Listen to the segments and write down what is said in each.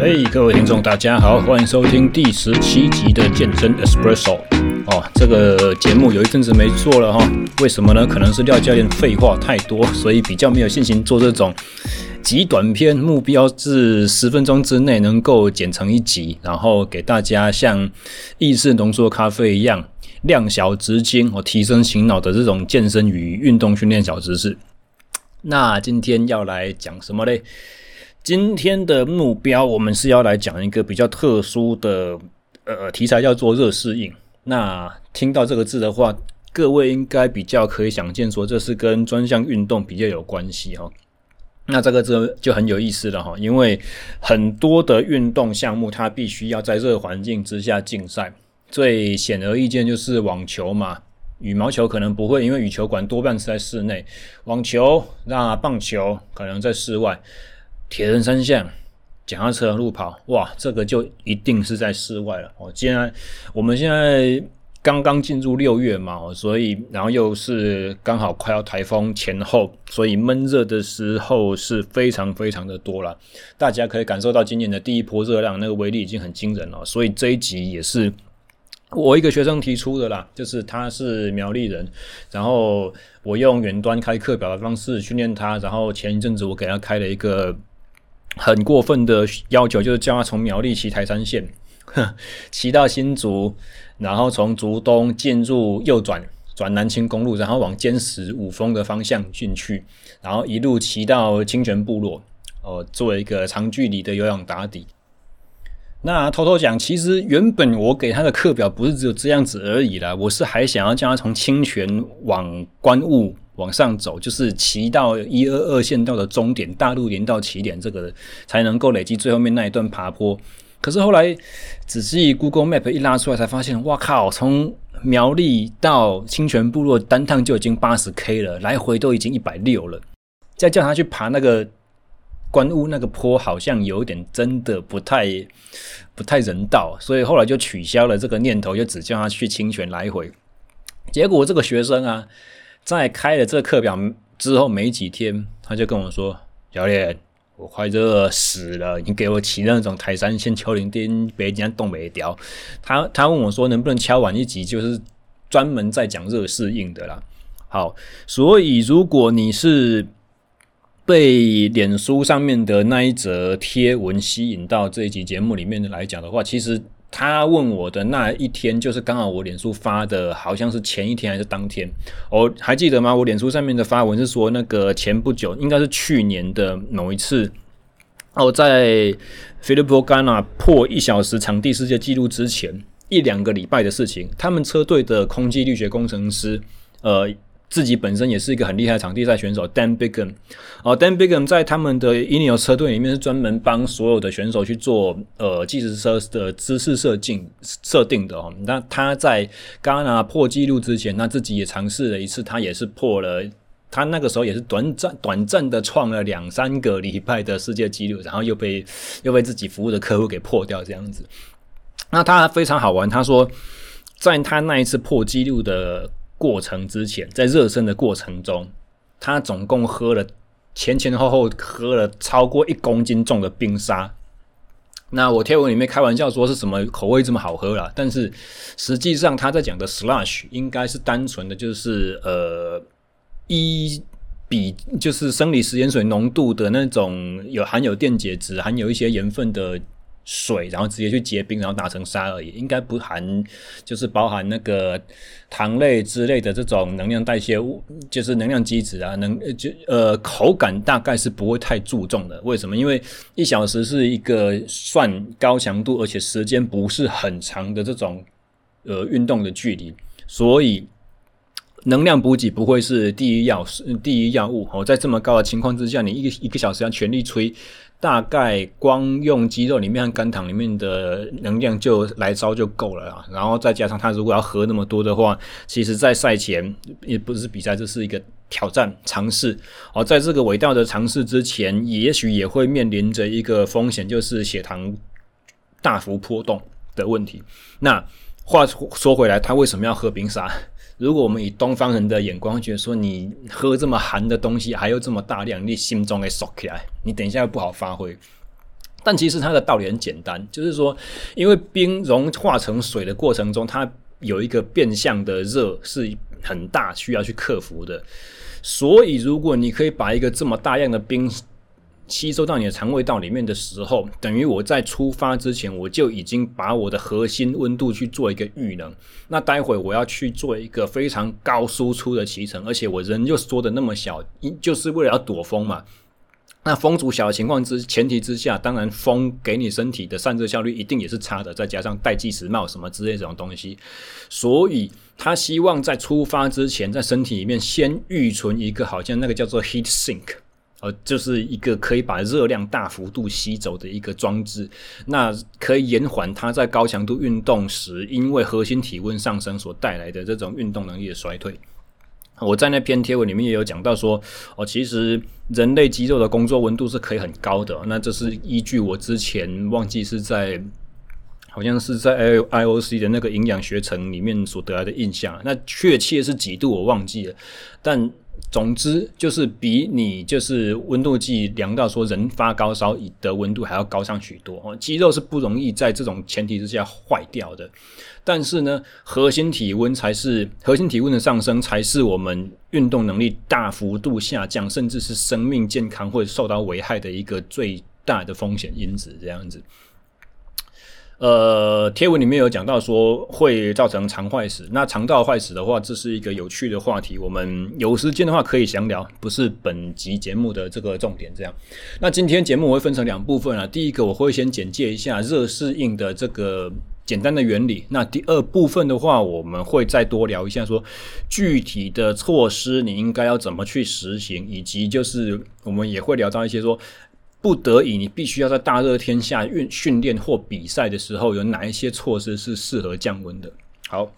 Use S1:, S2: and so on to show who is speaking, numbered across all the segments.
S1: 嘿、hey，各位聽眾，大家好，歡迎收聽第十七集的健身 Espresso。哦，這個節目有一陣子沒做了哈、哦，為什麼呢？可能是廖教練廢話太多，所以比較沒有信心做這種極短篇，目標是十分鐘之內能夠剪成一集，然後給大家像意式濃縮咖啡一樣量小質精，哦，提升醒腦的這種健身與運動訓練小知識。那今天要來講什麼嘞？今天的目標，我們是要來講一個比較特殊的呃題材，叫做熱適應。那聽到這個字的話，各位應該比較可以想見，說這是跟專項運動比較有關係哈、哦。那這個字就很有意思了哈、哦，因為很多的運動項目，它必須要在熱環境之下競賽。最顯而易見就是網球嘛，羽毛球可能不會，因為羽球館多半是在室內。網球，那棒球可能在室外。鐵人三項，腳踏車的路跑，哇，這個就一定是在室外了哦。既然我們現在剛剛進入六月嘛，所以然後又是剛好快要颱風前後，所以悶熱的時候是非常非常的多啦。大家可以感受到今年的第一波熱量，那個威力已經很驚人了。所以這一集也是我一個學生提出的啦，就是他是苗栗人，然後我用遠端開課表的方式訓練他，然後前一陣子我給他開了一個。很過分的要求，就是叫他從苗栗騎台三線呵，騎到新竹，然後從竹東進入右轉，轉南清公路，然後往尖石五峰的方向進去，然後一路騎到清泉部落，哦、呃，做一個長距離的有氧打底。那偷偷講，其實原本我給他的課表不是只有這樣子而已啦，我是還想要叫他從清泉往觀霧。往上走就是騎到一二二線道的終點，大陸連到起點，這個才能夠累積最後面那一段爬坡。可是後來仔細 Google Map 一拉出來，才發現，哇靠！從苗栗到清泉部落單趟就已經八十 K 了，來回都已經一百六了。再叫他去爬那個觀霧那個坡，好像有點真的不太不太人道，所以後來就取消了這個念頭，就只叫他去清泉來回。結果這個學生啊。在開了這課表之後沒幾天，他就跟我說：“教練，我快熱死了，你給我騎那種台三線丘陵邊北疆東北掉。他，他問我說：“能不能敲完一集，就是專門在講熱適應的啦。好，所以如果你是被臉書上面的那一則貼文吸引到這一集節目裡面來講的話，其實。他問我的那一天，就是剛好我臉書發的，好像是前一天還是當天，哦，還記得嗎？我臉書上面的發文是說，那個前不久，應該是去年的某一次，哦，在菲利波甘納破一小時場地世界紀錄之前一兩個禮拜的事情，他們車隊的空氣力學工程師，呃。自己本身也是一個很厲害的場地賽選手，Dan Bigham 哦，Dan Bigham 在他們的 Ineos 車隊裡面是專門幫所有的選手去做呃計時車的姿勢設定設定的哦。那他在 Ganna 破紀錄之前，他自己也嘗試了一次，他也是破了，他那個時候也是短暫短暫的創了兩三個禮拜的世界紀錄，然後又被又被自己服務的客戶給破掉這樣子。那他非常好玩，他說，在他那一次破紀錄的。過程之前，在熱身的過程中，他總共喝了前前後後喝了超過一公斤重的冰沙。那我貼文裡面開玩笑說是什麼口味這麼好喝啦，但是實際上他在講的 slush 應該是單純的，就是呃一比就是生理食鹽水濃度的那種有含有電解質、含有一些鹽分的。水，然後直接去結冰，然後打成沙而已，應該不含，就是包含那個糖類之類的這種能量代謝物，就是能量基質啊，能就呃口感大概是不會太注重的。為什麼？因為一小時是一個算高強度，而且時間不是很長的這種呃運動的距離，所以能量補給不會是第一要，第一要務。哦，在這麼高的情況之下，你一個一個小時要全力吹。大概光用肌肉裡面和肝糖裡面的能量就來招就夠了啊，然後再加上他如果要喝那麼多的話，其實，在賽前也不是比賽，這是一個挑戰嘗試哦。在這個偉大的嘗試之前，也許也會面臨着一個風險，就是血糖大幅波動的問題。那話說回來，他為什麼要喝冰沙？如果我們以東方人的眼光覺得說，你喝這麼寒的東西，還有這麼大量，你心中會縮起來，你等一下又不好發揮。但其實它的道理很簡單，就是說，因為冰融化成水的過程中，它有一個變相的熱是很大，需要去克服的。所以，如果你可以把一個這麼大量的冰。吸收到你的腸胃道裡面的時候，等於我在出發之前，我就已經把我的核心溫度去做一個預能。那待會我要去做一個非常高輸出的騎乘，而且我人又縮的那麼小，就是為了要躲風嘛。那風阻小的情況之前提之下，當然風給你身體的散熱效率一定也是差的，再加上戴計時帽什麼之類這種東西，所以他希望在出發之前，在身體裡面先預存一個，好像那個叫做 heat sink。呃，就是一個可以把熱量大幅度吸走的一個裝置，那可以延緩它在高強度運動時，因為核心體溫上升所帶來的這種運動能力的衰退。我在那篇貼文裡面也有講到說，哦，其實人類肌肉的工作溫度是可以很高的，那這是依據我之前忘記是在。好像是在 I O C 的那個營養學程裡面所得來的印象，那確切是幾度我忘記了，但總之就是比你就是溫度計量到說人發高燒的溫度還要高上許多。肌肉是不容易在這種前提之下壞掉的，但是呢，核心體溫才是，核心體溫的上升才是我們運動能力大幅度下降，甚至是生命健康會受到危害的一個最大的風險因子，這樣子。呃，貼文裡面有講到說會造成腸壞死。那腸道壞死的話，這是一個有趣的話題。我們有時間的話可以詳聊，不是本集節目的這個重點。這樣，那今天節目我會分成兩部分啊。第一個我會先簡介一下熱適應的這個簡單的原理。那第二部分的話，我們會再多聊一下說具體的措施你應該要怎麼去實行，以及就是我們也會聊到一些說。不得已，你必須要在大熱天下訓訓練或比賽的時候，有哪一些措施是適合降溫的？好，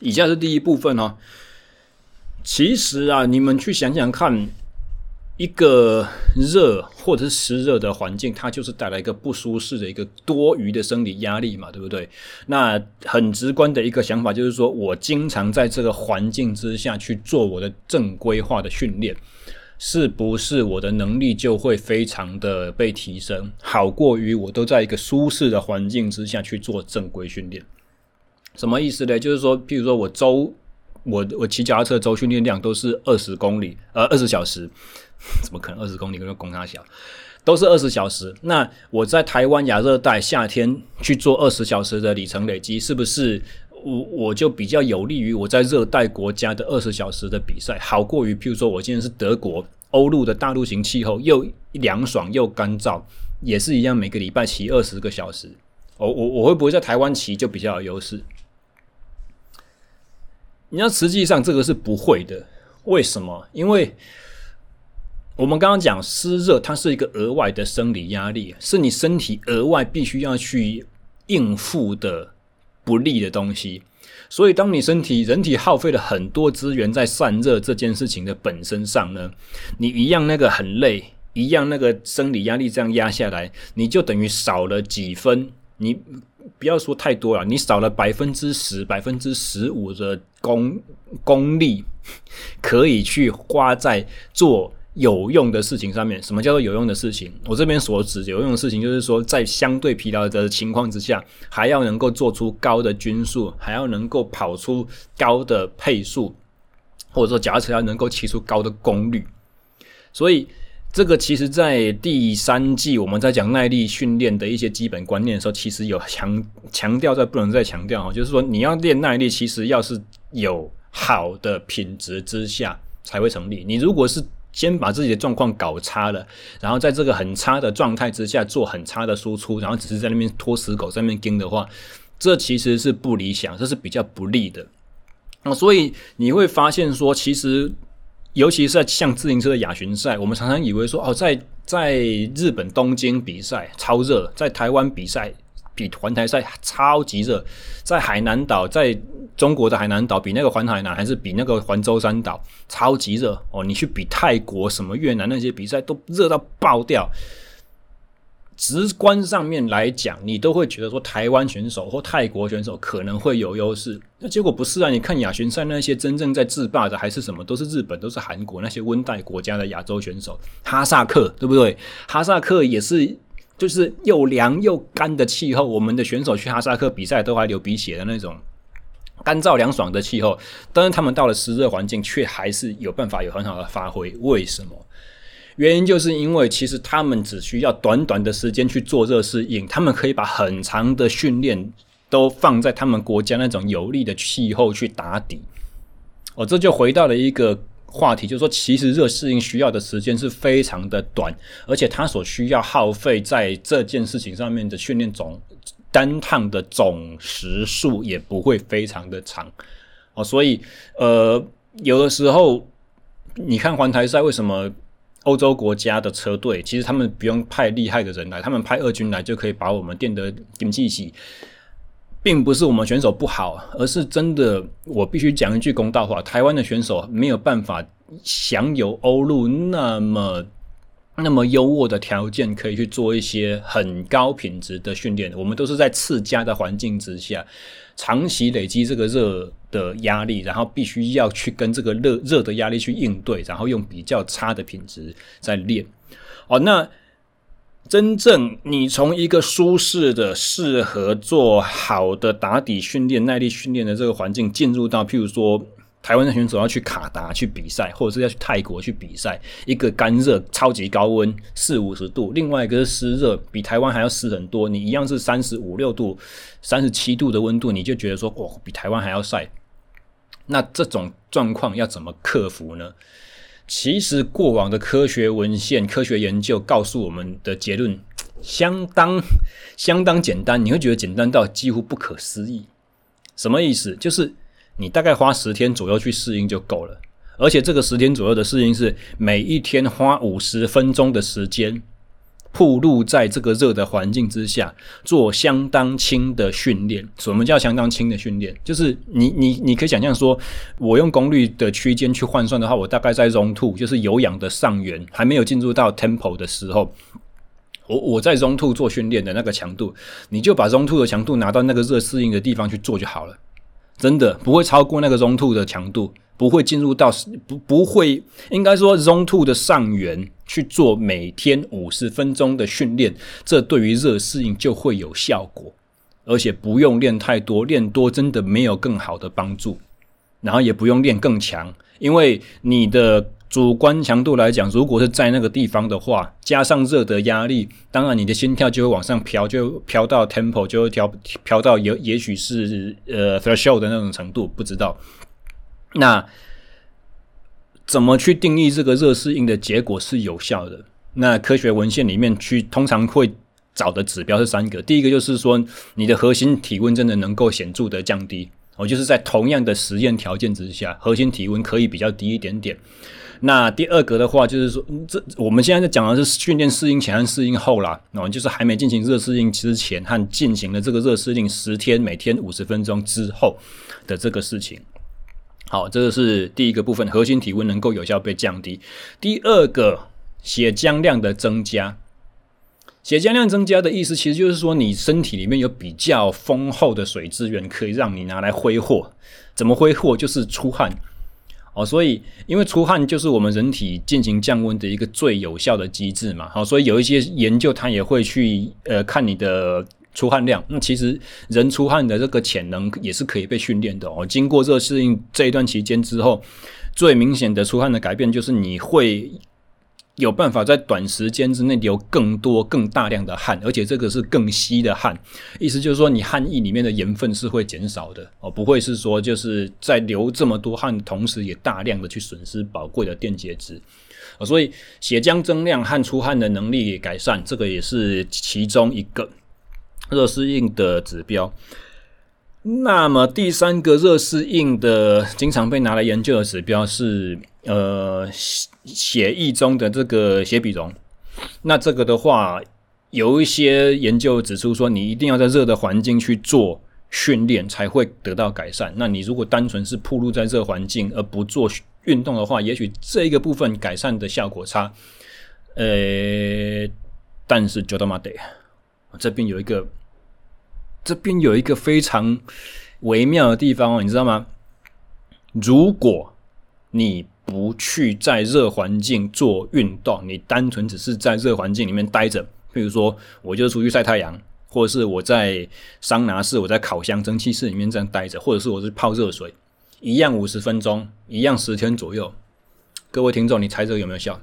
S1: 以下是第一部分哦。其實啊，你們去想想看，一個熱或者是濕熱的環境，它就是帶來一個不舒適的一個多餘的生理壓力嘛，對不對？那很直觀的一個想法就是說，我經常在這個環境之下去做我的正規化的訓練。是不是我的能力就會非常的被提升，好過於我都在一個舒適的環境之下去做正規訓練？什麼意思呢？就是說，譬如說我週，我我騎腳踏車週訓練量都是二十公里，呃，二十小時，怎麼可能二十公里？可能公差小，都是二十小時。那我在台灣亞熱帶夏天去做二十小時的里程累積，是不是？我我就比較有利於我在熱帶國家的二十小時的比賽，好過於譬如說，我今天是德國歐陸的大陸型氣候，又涼爽又乾燥，也是一樣，每個禮拜騎二十個小時。我我我會不會在台灣騎就比較有優勢？你要實際上這個是不會的，為什麼？因為我們剛剛講濕熱，它是一個額外的生理壓力，是你身體額外必須要去應付的。不利的東西，所以當你身體、人體耗費了很多資源在散熱這件事情的本身上呢，你一樣那個很累，一樣那個生理壓力這樣壓下來，你就等於少了幾分。你不要說太多了，你少了百分之十、百分之十五的功功力，可以去花在做，有用的事情上面，什麼叫做有用的事情？我這邊所指有用的事情，就是說在相對疲勞的情況之下，還要能夠做出高的均速，還要能夠跑出高的配速，或者說夾持要能夠騎出高的功率。所以這個其實，在第三季我們在講耐力訓練的一些基本觀念的時候，其實有強強調在不能再強調，就是說你要練耐力，其實要是有好的品質之下才會成立。你如果是先把自己的狀況搞差了，然後在這個很差的狀態之下做很差的輸出，然後只是在那邊拖死狗在那邊跟的話，這其實是不理想，這是比較不利的。嗯，所以你會發現說，其實尤其是在像自行車的亞巡賽，我們常常以為說，哦，在在日本東京比賽超熱，在台灣比賽。比環台賽超級熱，在海南島，在中國的海南島，比那個環海南還是比那個環舟山島超級熱哦！你去比泰國、什麼越南那些比賽都熱到爆掉。直觀上面來講，你都會覺得說台灣選手或泰國選手可能會有優勢，那結果不是啊？你看亞巡賽那些真正在制霸的還是什麼，都是日本、都是韓國那些溫帶國家的亞洲選手，哈薩克對不對？哈薩克也是。就是又涼又乾的氣候，我們的選手去哈薩克比賽都還流鼻血的那種乾燥涼爽的氣候，但是他們到了濕熱環境卻還是有辦法有很好的發揮。為什麼？原因就是因為其實他們只需要短短的時間去做熱適應，他們可以把很長的訓練都放在他們國家那種有利的氣候去打底。我、哦、這就回到了一個。話題就是說，其實熱適應需要的時間是非常的短，而且他所需要耗費在這件事情上面的訓練總單趟的總時數也不會非常的長。哦，所以呃，有的時候你看環台賽，為什麼歐洲國家的車隊其實他們不用派厲害的人來，他們派二軍來就可以把我們電得頂一洗並不是我們選手不好，而是真的，我必須講一句公道話。台灣的選手沒有辦法享有歐陸那麼那麼優渥的條件，可以去做一些很高品質的訓練。我們都是在次佳的環境之下，長期累積這個熱的壓力，然後必須要去跟這個熱熱的壓力去應對，然後用比較差的品質在練。哦，那。真正你從一個舒適的、適合做好的打底訓練、耐力訓練的這個環境，進入到譬如說台灣的選手要去卡達去比賽，或者是要去泰國去比賽，一個乾熱、超級高溫，四五十度；另外一個濕熱，比台灣還要濕很多。你一樣是三十五六度、三十七度的溫度，你就覺得說哇，比台灣還要曬。那這種狀況要怎麼克服呢？其實過往的科學文獻、科學研究告訴我們的結論，相當相當簡單，你會覺得簡單到幾乎不可思議。什麼意思？就是你大概花十天左右去適應就夠了，而且這個十天左右的適應是每一天花五十分鐘的時間。暴露在這個熱的環境之下，做相當輕的訓練。什麼叫相當輕的訓練？就是你你你可以想象說，我用功率的區間去換算的話，我大概在 Zone Two，就是有氧的上緣，還沒有進入到 Tempo 的時候，我我在 Zone Two 做訓練的那個強度，你就把 Zone Two 的強度拿到那個熱適應的地方去做就好了。真的不會超過那個 Zone Two 的強度。不會進入到不不會，應該說 zone two 的上緣去做每天五十分鐘的訓練，這對於熱適應就會有效果，而且不用練太多，練多真的沒有更好的幫助，然後也不用練更強，因為你的主觀強度來講，如果是在那個地方的話，加上熱的壓力，當然你的心跳就會往上飄，就飄到 tempo，就會飄飄到也也許是呃 threshold 的那種程度，不知道。那怎麼去定義這個熱適應的結果是有效的？那科學文獻裡面去通常會找的指標是三個。第一個就是說，你的核心體溫真的能夠顯著的降低哦，就是在同樣的實驗條件之下，核心體溫可以比較低一點點。那第二個的話，就是說，這我們現在在講的是訓練適應前和適應後啦，哦，就是還沒進行熱適應之前和進行了這個熱適應十天，每天五十分鐘之後的這個事情。好，這個是第一個部分，核心體溫能夠有效被降低。第二個，血漿量的增加，血漿量增加的意思，其實就是說你身體裡面有比較豐厚的水資源，可以讓你拿來揮霍。怎麼揮霍？就是出汗。哦，所以因為出汗就是我們人體進行降溫的一個最有效的機制嘛。好，所以有一些研究，它也會去呃看你的。出汗量，那、嗯、其實人出汗的這個潛能也是可以被訓練的哦。經過熱適應這一段期間之後，最明顯的出汗的改變就是你會有辦法在短時間之內流更多、更大量的汗，而且這個是更稀的汗。意思就是說，你汗液裡面的鹽分是會減少的哦，不會是說就是在流這麼多汗，同時也大量的去損失寶貴的電解質。所以血漿增量和出汗的能力改善，這個也是其中一個熱適應的指標。那麼第三個熱適應的經常被拿來研究的指標是，呃，血液中的這個血比容。那這個的話，有一些研究指出說，你一定要在熱的環境去做訓練才會得到改善。那你如果單純是暴露在熱環境而不做運動的話，也許這個部分改善的效果差。哎，但是就這麼對，這邊有一個。這邊有一個非常微妙的地方哦，你知道嗎？如果你不去在熱環境做運動，你單純只是在熱環境裡面待着，比如說我就出去曬太陽，或者是我在桑拿室、我在烤箱、蒸汽室裡面這樣待着，或者是我是泡熱水，一樣五十分鐘，一樣十天左右。各位聽眾，你猜這個有沒有效？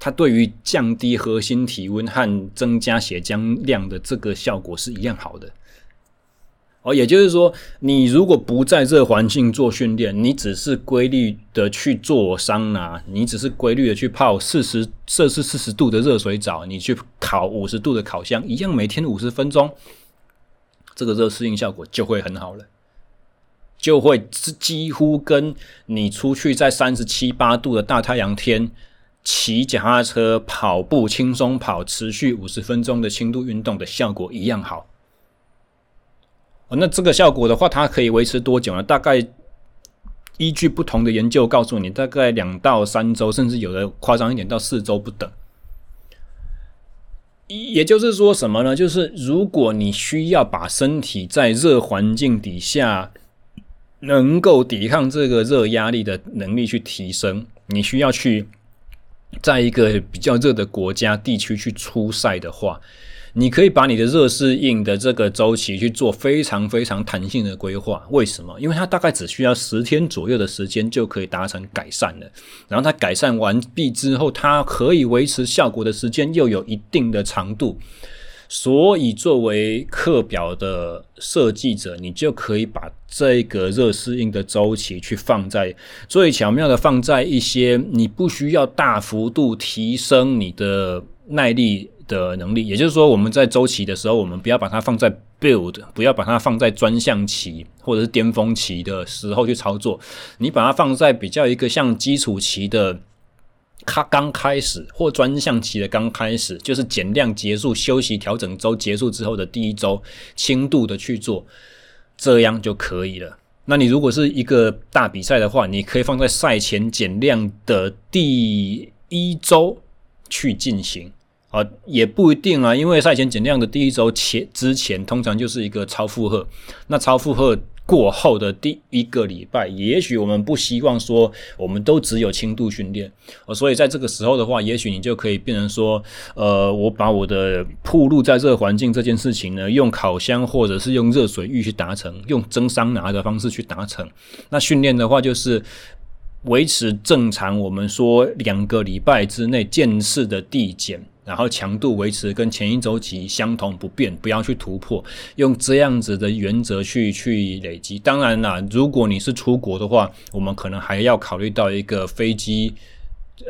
S1: 它對於降低核心體溫和增加血漿量的這個效果是一樣好的。哦，也就是說，你如果不在熱環境做訓練，你只是規律的去做桑拿，你只是規律的去泡四十、攝氏四十度的熱水澡，你去烤五十度的烤箱，一樣每天五十分鐘，這個熱適應效果就會很好了，就會是幾乎跟你出去在三十七八度的大太陽天。騎腳踏車、跑步、輕鬆跑、持續五十分鐘的輕度運動的效果一樣好。哦，那這個效果的話，它可以維持多久呢？大概依據不同的研究告訴你，大概兩到三周，甚至有的誇張一點到四周不等。也就是說什麼呢？就是如果你需要把身體在熱環境底下能夠抵抗這個熱壓力的能力去提升，你需要去。在一個比較熱的國家、地區去出賽的話，你可以把你的熱適應的這個週期去做非常非常彈性的規劃。為什麼？因為它大概只需要十天左右的時間就可以達成改善了。然後它改善完畢之後，它可以維持效果的時間又有一定的長度。所以，作為課表的設計者，你就可以把這個熱適應的週期去放在最巧妙的，放在一些你不需要大幅度提升你的耐力的能力。也就是說，我們在週期的時候，我們不要把它放在 build，不要把它放在專項期或者是巔峰期的時候去操作。你把它放在比較一個像基礎期的。它剛開始或專項期的剛開始，就是減量結束、休息調整週結束之後的第一週，輕度的去做，這樣就可以了。那你如果是一個大比賽的話，你可以放在賽前減量的第一週去進行啊，也不一定啊，因為賽前減量的第一週前之前，通常就是一個超負荷，那超負荷。過後的第一個禮拜，也許我們不希望說我們都只有輕度訓練，所以在這個時候的話，也許你就可以變成說，呃，我把我的暴露在這個環境這件事情呢，用烤箱或者是用熱水浴去達成，用蒸桑拿的方式去達成。那訓練的話，就是維持正常，我們說兩個禮拜之內漸次的遞減。然後強度維持跟前一週期相同不變，不要去突破，用這樣子的原則去去累積。當然了，如果你是出國的話，我們可能還要考慮到一個飛機、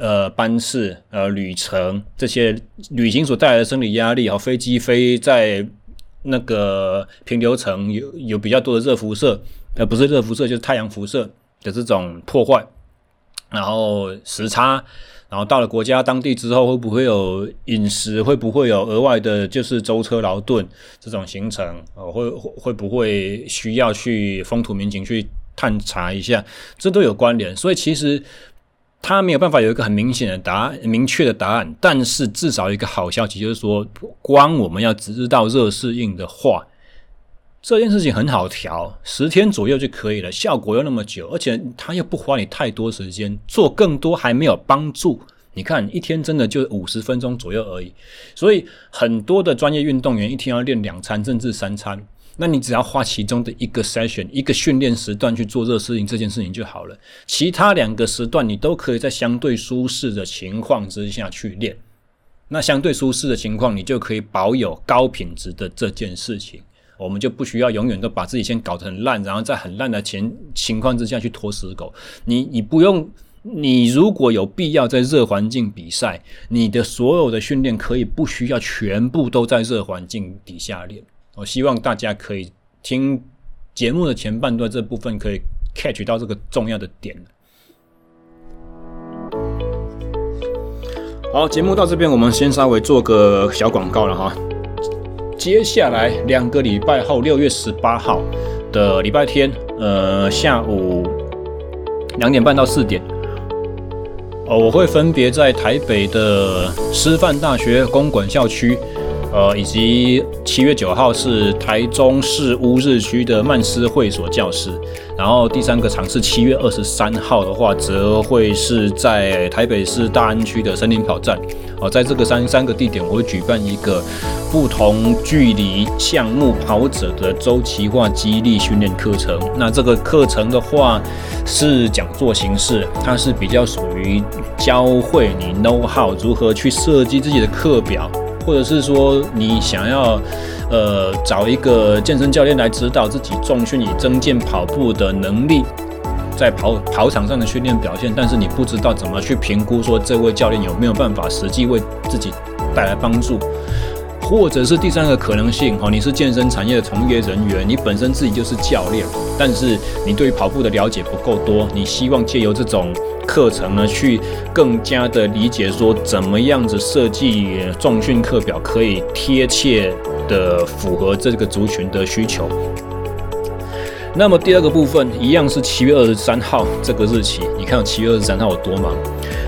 S1: 呃班次、呃旅程這些旅行所帶來的生理壓力啊、哦。飛機飛在那個平流層有有比較多的熱輻射，呃不是熱輻射就是太陽輻射的這種破壞，然後時差。然後到了國家當地之後，會不會有飲食？會不會有額外的，就是舟車勞頓這種行程？呃，會會不會需要去風土民情去探查一下？這都有關聯。所以其實他沒有辦法有一個很明顯的答案，明確的答案。但是至少一個好消息，就是說，光我們要只知道熱適應的話。這件事情很好調，十天左右就可以了，效果又那麼久，而且它又不花你太多時間。做更多還沒有幫助。你看，一天真的就五十分鐘左右而已。所以很多的專業運動員一天要練兩餐甚至三餐，那你只要花其中的一個 session、一個訓練時段去做這件事情，這件事情就好了。其他兩個時段你都可以在相對舒適的情況之下去練。那相對舒適的情況，你就可以保有高品質的這件事情。我們就不需要永遠都把自己先搞得很爛，然後在很爛的情情況之下去拖死狗。你你不用，你如果有必要在熱環境比賽，你的所有的訓練可以不需要全部都在熱環境底下練。我希望大家可以聽節目的前半段這部分可以 catch 到這個重要的點。好，節目到這邊，我們先稍微做個小廣告了哈。接下來兩個禮拜後，六月十八號的禮拜天，呃，下午兩點半到四點，哦，我會分別在台北的師範大學公館校區。呃，以及七月九號是台中市烏日區的曼斯會所教室，然後第三個場是七月二十三號的話，則會是在台北市大安區的森林跑站。哦、呃，在這個三三個地點，我會舉辦一個不同距離項目跑者的週期化肌力訓練課程。那這個課程的話是講座形式，它是比較屬於教會你 know how 如何去設計自己的課表。或者是說，你想要，呃，找一個健身教練來指導自己，重訓你增進跑步的能力，在跑跑場上的訓練表現，但是你不知道怎麼去評估說這位教練有沒有辦法實際為自己帶來幫助。或者是第三個可能性，哈，你是健身產業的從業人員，你本身自己就是教練，但是你對跑步的了解不夠多，你希望借由這種課程呢，去更加的理解說怎麼樣子設計重訓課表可以貼切的符合這個族群的需求。那麼第二個部分一樣是七月二十三號這個日期，你看七月二十三號有多忙？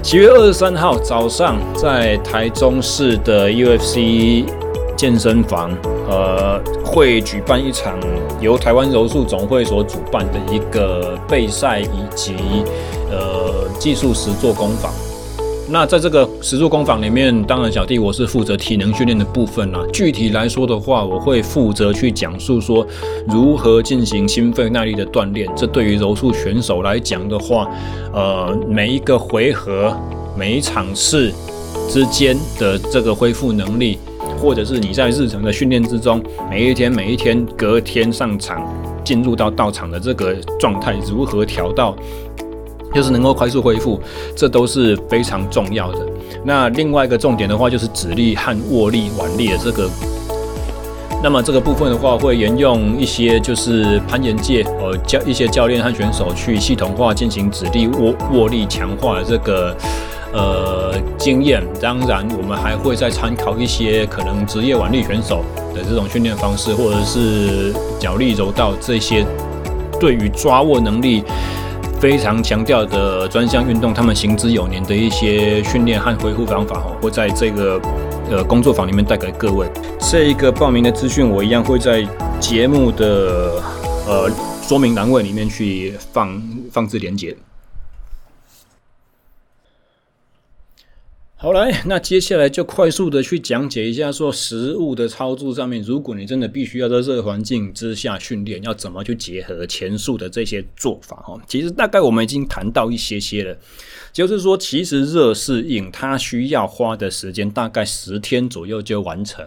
S1: 七月二十三號早上在台中市的 UFC。健身房，呃，會舉辦一場由台灣柔術總會所主辦的一個備賽以及呃技術實做工坊。那在這個實做工坊裡面，當然小弟我是負責體能訓練的部分啦、啊。具體來說的話，我會負責去講述說如何進行心肺耐力的鍛鍊。這對於柔術選手來講的話，呃，每一個回合、每一場次之間的這個恢復能力。或者是你在日常的訓練之中，每一天每一天隔天上場進入到道場的這個狀態，如何調到，就是能夠快速恢復，這都是非常重要的。那另外一個重點的話，就是指力和握力、腕力的這個。那麼這個部分的話，會沿用一些就是攀岩界呃、哦、教一些教練和選手去系統化進行指力握握力強化的這個。呃，經驗當然，我們還會再參考一些可能職業腕力選手的這種訓練方式，或者是角力柔道這些對於抓握能力非常強調的專項運動，他們行之有年的一些訓練和恢復方法，哦，會在這個呃工作坊裡面帶給各位。這一個報名的資訊，我一樣會在節目的呃說明欄位裡面去放放置連接。好來。那接下來就快速的去講解一下，說食物的操作上面，如果你真的必須要在熱環境之下訓練，要怎麼去結合前述的這些做法。其實大概我們已經談到一些些了，就是說，其實熱適應它需要花的時間大概十天左右就完成。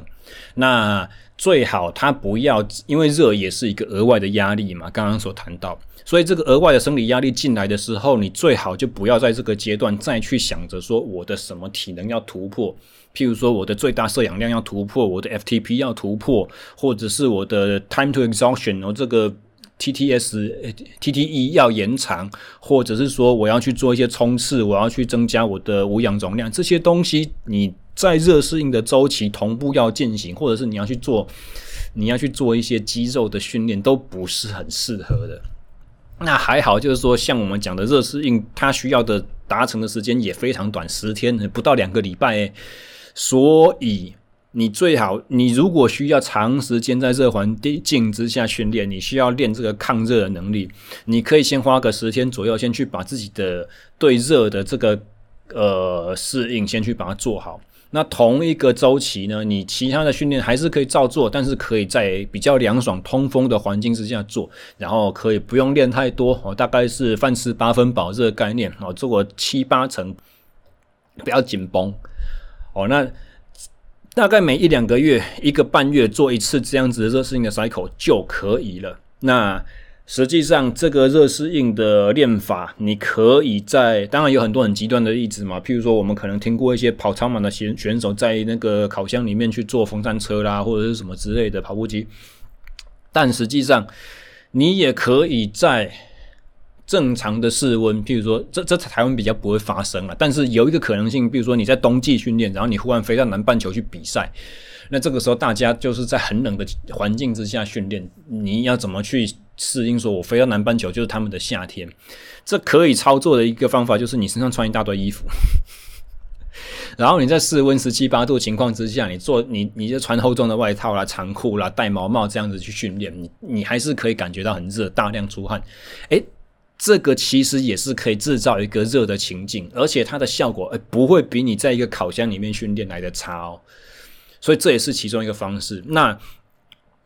S1: 那最好它不要，因為熱也是一個額外的壓力嘛，剛剛所談到。所以這個額外的生理壓力進來的時候，你最好就不要在這個階段再去想着說我的什麼體能要突破，譬如說我的最大攝氧量要突破，我的 FTP 要突破，或者是我的 time to exhaustion，這個 TTS TTE 要延長，或者是說我要去做一些衝刺，我要去增加我的無氧容量，這些東西你在熱適應的周期同步要進行，或者是你要去做，你要去做一些肌肉的訓練，都不是很適合的。那還好，就是說，像我們講的熱適應，它需要的達成的時間也非常短，十天，不到兩個禮拜。所以你最好，你如果需要長時間在熱環境之下訓練，你需要練這個抗熱的能力，你可以先花個十天左右，先去把自己的對熱的這個呃適應先去把它做好。那同一個週期呢？你其他的訓練還是可以照做，但是可以在比較涼爽、通風的環境之下做，然後可以不用練太多哦，大概是飯吃八分飽這個概念哦，做個七八成，不要緊繃哦。那大概每一兩個月、一個半月做一次這樣子熱適應的 cycle 就可以了。那實際上，這個熱適應的練法，你可以在，當然有很多很極端的例子嘛，譬如說我們可能聽過一些跑超馬的選選手在那個烤箱裡面去做風扇車啦，或者是什麼之類的跑步機。但實際上，你也可以在正常的室溫，譬如說這這台灣比較不會發生啊，但是有一個可能性，譬如說你在冬季訓練，然後你忽然飛到南半球去比賽，那這個時候大家就是在很冷的環境之下訓練，你要怎麼去？適應說，我飛到南半球就是他們的夏天。這可以操作的一個方法就是，你身上穿一大堆衣服，然後你在室溫十七八度情況之下，你做你你就穿厚重的外套啦、長褲啦、戴毛帽這樣子去訓練，你你還是可以感覺到很熱、大量出汗。哎，這個其實也是可以制造一個熱的情境，而且它的效果不會比你在一個烤箱裡面訓練來得差哦。所以這也是其中一個方式。那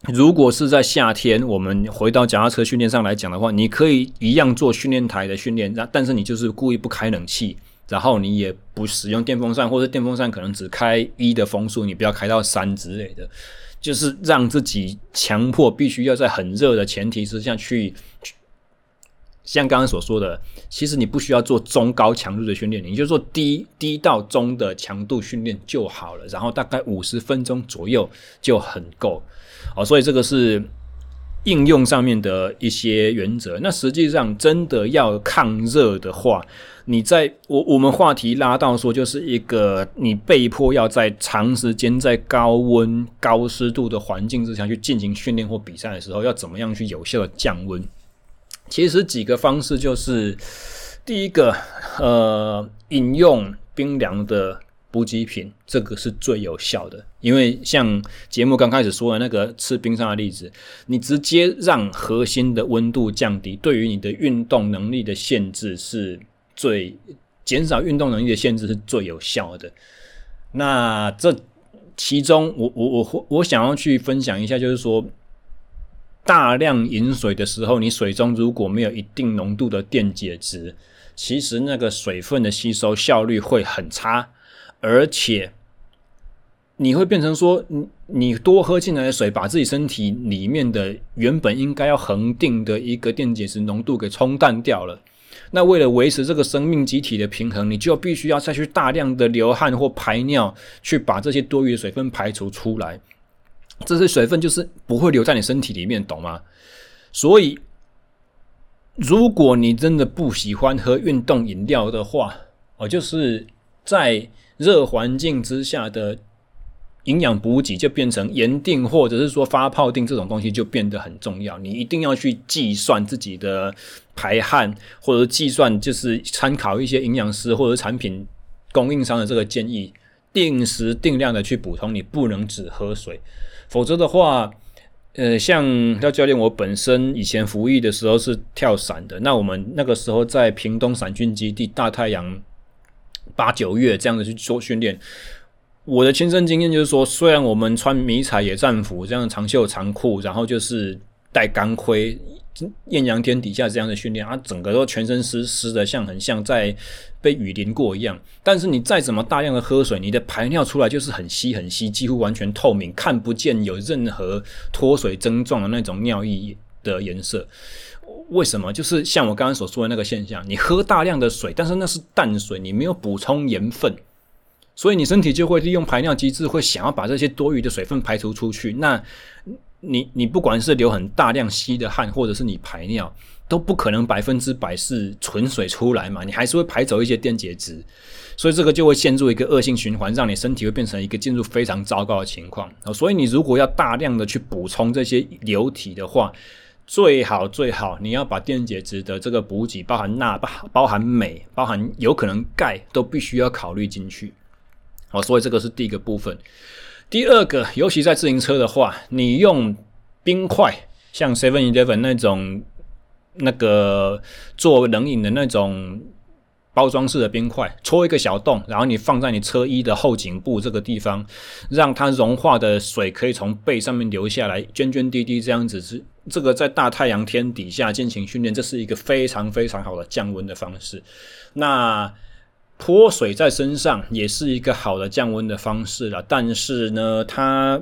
S1: 如果是在夏天，我們回到腳踏車訓練上來講的話，你可以一樣做訓練台的訓練，然但是你就是故意不開冷氣，然後你也不使用電風扇，或者電風扇可能只開一的風速，你不要開到三之類的，就是讓自己強迫必須要在很熱的前提之下去，像剛剛所說的，其實你不需要做中高強度的訓練，你就做低低到中的強度訓練就好了，然後大概五十分鐘左右就很夠。好、哦，所以這個是應用上面的一些原則。那實際上，真的要抗熱的話，你在我我們話題拉到說，就是一個你被迫要在長時間在高溫高濕度的環境之下去進行訓練或比賽的時候，要怎麼樣去有效的降溫。其實幾個方式就是，第一個，呃，飲用冰涼的。補給品這個是最有效的，因為像節目剛開始說的那個吃冰上的例子，你直接讓核心的溫度降低，對於你的運動能力的限制是最減少運動能力的限制是最有效的。那這其中我，我我我我想要去分享一下，就是說大量飲水的時候，你水中如果沒有一定濃度的電解質，其實那個水分的吸收效率會很差。而且，你會變成說，你你多喝進來的水，把自己身體裡面的原本應該要恆定的一個電解質濃度給沖淡掉了。那為了維持這個生命機體的平衡，你就必須要再去大量的流汗或排尿，去把這些多餘的水分排除出來。這些水分就是不會留在你身體裡面，懂嗎？所以，如果你真的不喜歡喝運動飲料的話，哦，就是在。熱環境之下的營養補給就變成鹽錠，或者是說發泡錠。這種東西就變得很重要，你一定要去計算自己的排汗或者計算，就是參考一些營養師或者產品供應商的這個建議，定時定量的去補充，你不能只喝水，否則的話，呃，像廖教練我本身以前服役的時候是跳傘的，那我們那個時候在屏東傘軍基地大太陽，八九月這樣子去做訓練，我的親身經驗就是說，雖然我們穿迷彩野戰服這樣長袖長褲，然後就是戴鋼盔，豔陽天底下這樣的訓練，啊，整個都全身濕濕的，像很像在被雨淋過一樣。但是你再怎麼大量的喝水，你的排尿出來就是很稀很稀，幾乎完全透明，看不見有任何脫水症狀的那種尿液的顏色。為什麼？就是像我剛剛所說的那個現象，你喝大量的水，但是那是淡水，你沒有補充鹽分，所以你身體就會利用排尿機制，會想要把這些多餘的水分排除出去。那你你不管是流很大量稀的汗，或者是你排尿，都不可能百分之百是純水出來嘛，你還是會排走一些電解質，所以這個就會陷入一個惡性循環，讓你身體會變成一個進入非常糟糕的情況。所以你如果要大量的去補充這些流體的話，最好最好，你要把電解質的這個補給，包含鈉、包含鎂、包含有可能鈣，都必須要考慮進去。好，所以這個是第一個部分。第二個，尤其在自行車的話，你用冰塊，像 Seven Eleven 那種那個做冷飲的那種。包裝式的冰塊，戳一個小洞，然後你放在你車衣的後頸部這個地方，讓它融化的水可以從背上面流下來，涓涓滴滴這樣子。是這個在大太陽天底下進行訓練，這是一個非常非常好的降溫的方式。那潑水在身上也是一個好的降溫的方式啦，但是呢，它。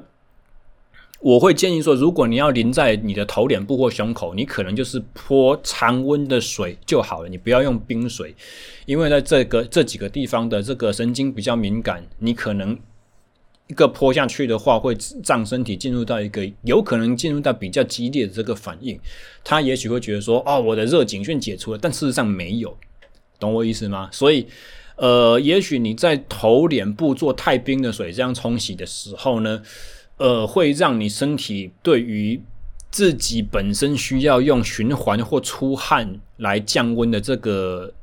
S1: 我會建議說，如果你要淋在你的頭臉部或胸口，你可能就是潑常溫的水就好了，你不要用冰水，因為在這個這幾個地方的這個神經比較敏感，你可能一個潑下去的話，會讓身體進入到一個有可能進入到比較激烈的這個反應，他也許會覺得說，哦，我的熱警訊解除了，但事實上沒有，懂我意思嗎？所以，呃，也許你在頭臉部做太冰的水這樣沖洗的時候呢，呃，會讓你身體對於自己本身需要用循環或出汗來降溫的這個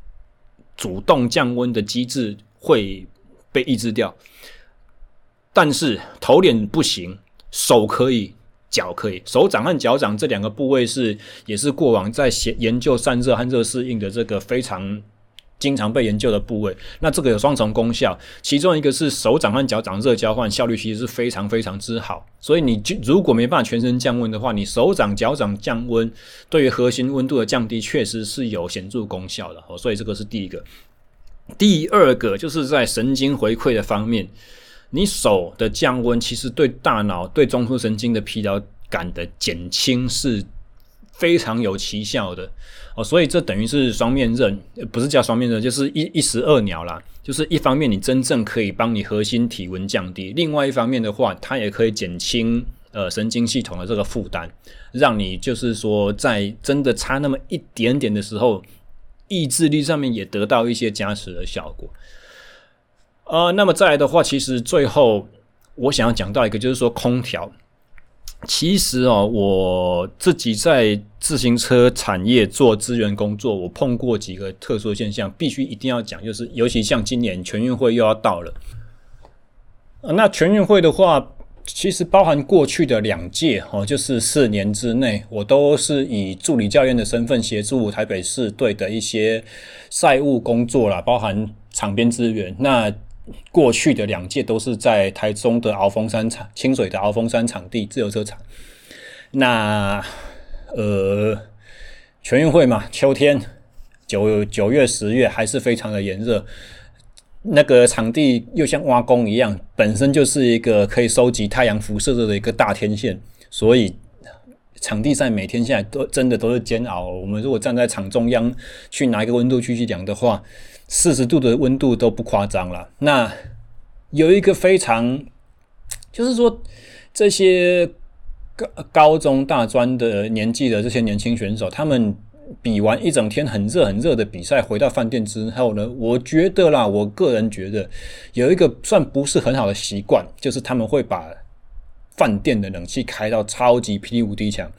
S1: 主動降溫的機制會被抑制掉。但是頭臉不行，手可以，腳可以。手掌和腳掌這兩個部位是也是過往在研究散熱和熱適應的這個非常經常被研究的部位，那這個有雙重功效，其中一個是手掌和腳掌熱交換效率其實是非常非常之好，所以你就如果沒辦法全身降溫的話，你手掌腳掌降溫對於核心溫度的降低確實是有顯著功效的，所以這個是第一個。第二個就是在神經回饋的方面，你手的降溫其實對大腦對中樞神經的疲勞感的減輕是非常有奇效的。哦，所以這等於是雙面刃，不是叫雙面刃，就是一一石二鳥啦。就是一方面你真正可以幫你核心體溫降低，另外一方面的話，它也可以減輕呃神經系統的這個負擔，讓你就是說在真的差那麼一點點的時候，意志力上面也得到一些加持的效果。啊、呃，那麼再來的話，其實最後我想要講到一個，就是說空調。其實哦，我自己在自行車產業做資源工作，我碰過幾個特殊現象，必須一定要講，就是尤其像今年全運會又要到了。那全運會的話，其實包含過去的兩屆哦，就是四年之內，我都是以助理教練的身份協助台北市隊的一些賽務工作啦，包含場邊資源那。過去的兩屆都是在台中的鰲峰山場、清水的鰲峰山場地自由車場。那呃，全運會嘛，秋天九九月、十月還是非常的炎熱。那個場地又像碗公一樣，本身就是一個可以收集太陽輻射熱的一個大天線，所以場地上每天下來都真的都是煎熬。我們如果站在場中央去拿一個溫度計去量的話，四十度的溫度都不誇張了。那有一個非常，就是說這些高高中大專的年紀的這些年輕選手，他們比完一整天很熱很熱的比賽，回到飯店之後呢，我覺得啦，我個人覺得有一個算不是很好的習慣，就是他們會把飯店的冷氣開到超級霹靂無敵強，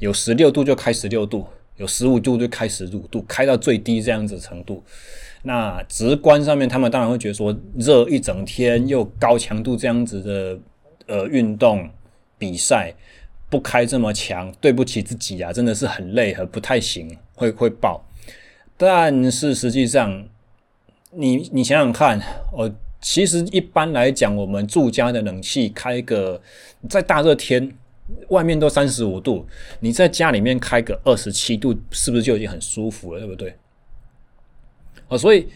S1: 有十六度就開十六度，有十五度就開十五度，開到最低這樣子程度。那直觀上面，他們當然會覺得說，熱一整天又高強度這樣子的呃運動比賽，不開這麼強，對不起自己啊，真的是很累和不太行，會會爆。但是實際上，你你想想看，哦，其實一般來講，我們住家的冷氣開個在大熱天，外面都三十五度，你在家裡面開個二十七度，是不是就已經很舒服了，對不對？所以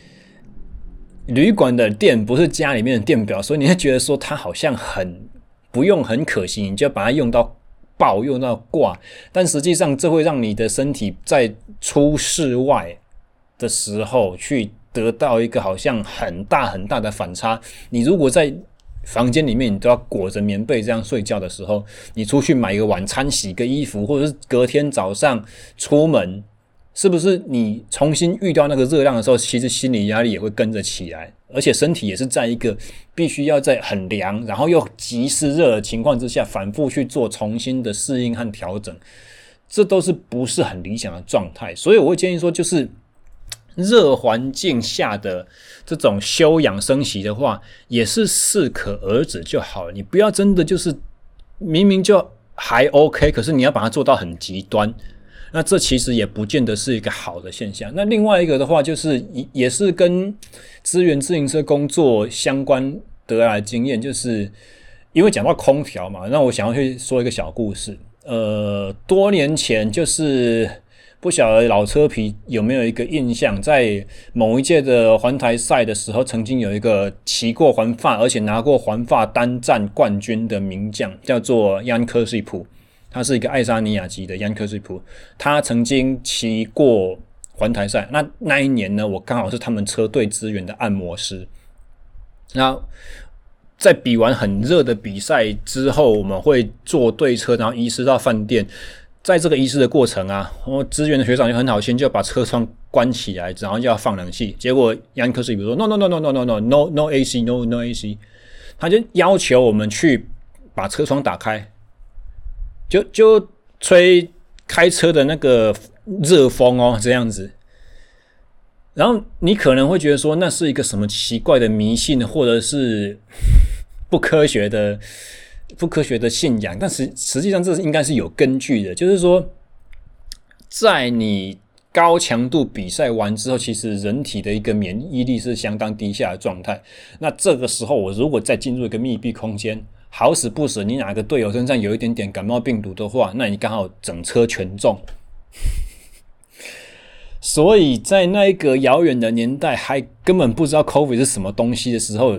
S1: 旅館的電不是家裡面的電表，所以你會覺得說它好像很不用很可惜，你就把它用到爆，用到掛。但實際上，這會讓你的身體在出室外的時候去得到一個好像很大很大的反差。你如果在房間裡面，你都要裹着棉被這樣睡覺的時候，你出去買一個晚餐，洗個衣服，或者是隔天早上出門。是不是你重新遇到那個熱量的時候，其實心理壓力也會跟着起來，而且身體也是在一個必須要在很涼，然後又極濕熱的情況之下，反復去做重新的適應和調整，這都是不是很理想的狀態。所以我會建議說，就是熱環境下的這種休養生息的話，也是適可而止就好了。你不要真的就是明明就還 OK，可是你要把它做到很極端。那這其實也不見得是一個好的現象。那另外一個的話，就是也是跟資源自行車工作相關得來的經驗，就是因為講到空調嘛，那我想要去說一個小故事。呃，多年前就是不曉得老車皮有沒有一個印象，在某一屆的環台賽的時候，曾經有一個騎過環法，而且拿過環法單站冠軍的名將，叫做亞恩科西普。他是一個愛沙尼亞籍的楊科瑞普，他曾經騎過環台賽。那那一年呢，我剛好是他們車隊支援的按摩師。那在比完很熱的比賽之後，我們會坐對車，然後移師到飯店。在這個移師的過程啊，我支援的學長就很好心，就要把車窗關起來，然後就要放冷氣。結果楊科瑞普說、嗯、no, no,：“No no no no no no no no no AC no no AC。”他就要求我們去把車窗打開。就就吹開車的那個熱風哦，這樣子。然後你可能會覺得說，那是一個什麼奇怪的迷信，或者是不科學的、不科學的信仰。但實實際上，這應該是有根據的。就是說，在你高強度比賽完之後，其實人體的一個免疫力是相當低下的狀態。那這個時候，我如果再進入一個密閉空間，好死不死，你哪個隊友身上有一點點感冒病毒的話，那你剛好整車全中。 所以在那一個遙遠的年代，還根本不知道 COVID 是什麼東西的時候，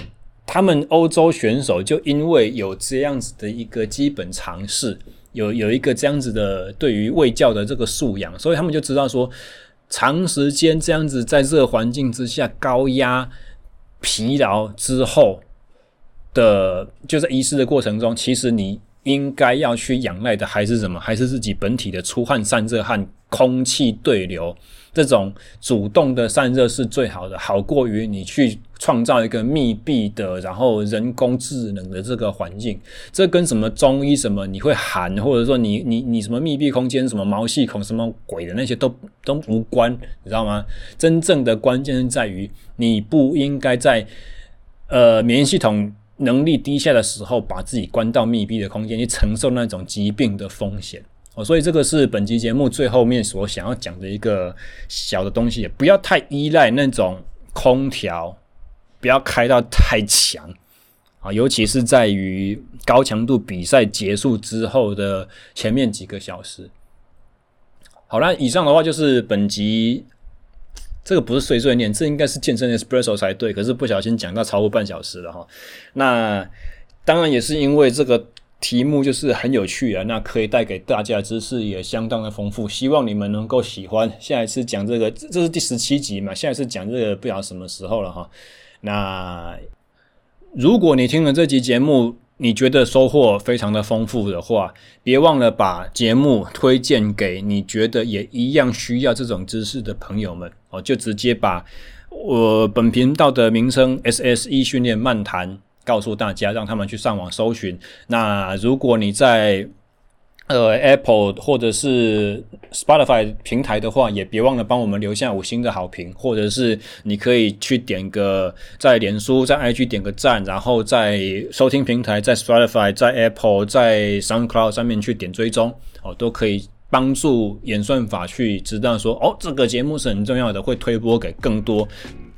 S1: 他們歐洲選手就因為有這樣子的一個基本常識，有有一個這樣子的對於衛教的這個素養，所以他們就知道說，長時間這樣子在熱環境之下高壓疲勞之後。的就是適應的過程中，其實你應該要去仰賴的還是什麼？還是自己本體的出汗散熱和空氣對流這種主動的散熱是最好的，好過於你去創造一個密閉的，然後人工智能的這個環境。這跟什麼中醫什麼你會寒，或者說你你你什麼密閉空間什麼毛細孔什麼鬼的那些都都無關，你知道嗎？真正的關鍵在於你不應該在呃免疫系統。能力低下的時候，把自己關到密閉的空間去承受那種疾病的風險哦，所以這個是本集節目最後面所想要講的一個小的東西，也不要太依賴那種空調，不要開到太強啊，尤其是在於高強度比賽結束之後的前面幾個小時。好了，那以上的話就是本集。這個不是碎碎念，這應該是健身 Espresso 才對。可是不小心講到超過半小時了哈。那當然也是因為這個題目就是很有趣啊，那可以帶給大家的知識也相當的豐富，希望你們能夠喜歡。下一次講這個，這是第十七集嘛？下一次講這個不知道什麼時候了哈。那如果你聽了這集節目，你覺得收穫非常的豐富的話，別忘了把節目推薦給你覺得也一樣需要這種知識的朋友們。就直接把我本頻道的名稱 “SSE 訓練漫談”告訴大家，讓他們去上網搜尋。那如果你在，呃，Apple 或者是 Spotify 平台的話，也別忘了幫我們留下五星的好評，或者是你可以去點個在臉書、在 IG 點個讚，然後在收聽平台，在 Spotify、在 Apple、在 SoundCloud 上面去點追蹤哦，都可以幫助演算法去知道說哦，這個節目是很重要的，會推播給更多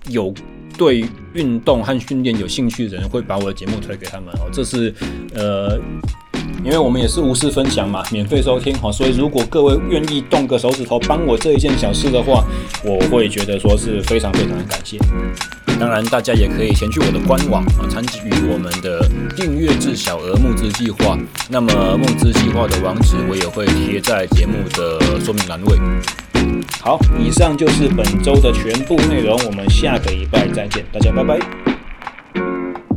S1: 有對運動和訓練有興趣的人，會把我的節目推給他們哦。這是呃。因為我們也是無私分享嘛，免費收聽哈，所以如果各位願意動個手指頭幫我這一件小事的話，我會覺得說是非常非常的感謝。當然，大家也可以前去我的官網啊，參與我們的訂閱制小額募資計劃。那麼，募資計劃的網址我也會貼在節目的說明欄位。好，以上就是本周的全部內容，我們下個禮拜再見，大家拜拜。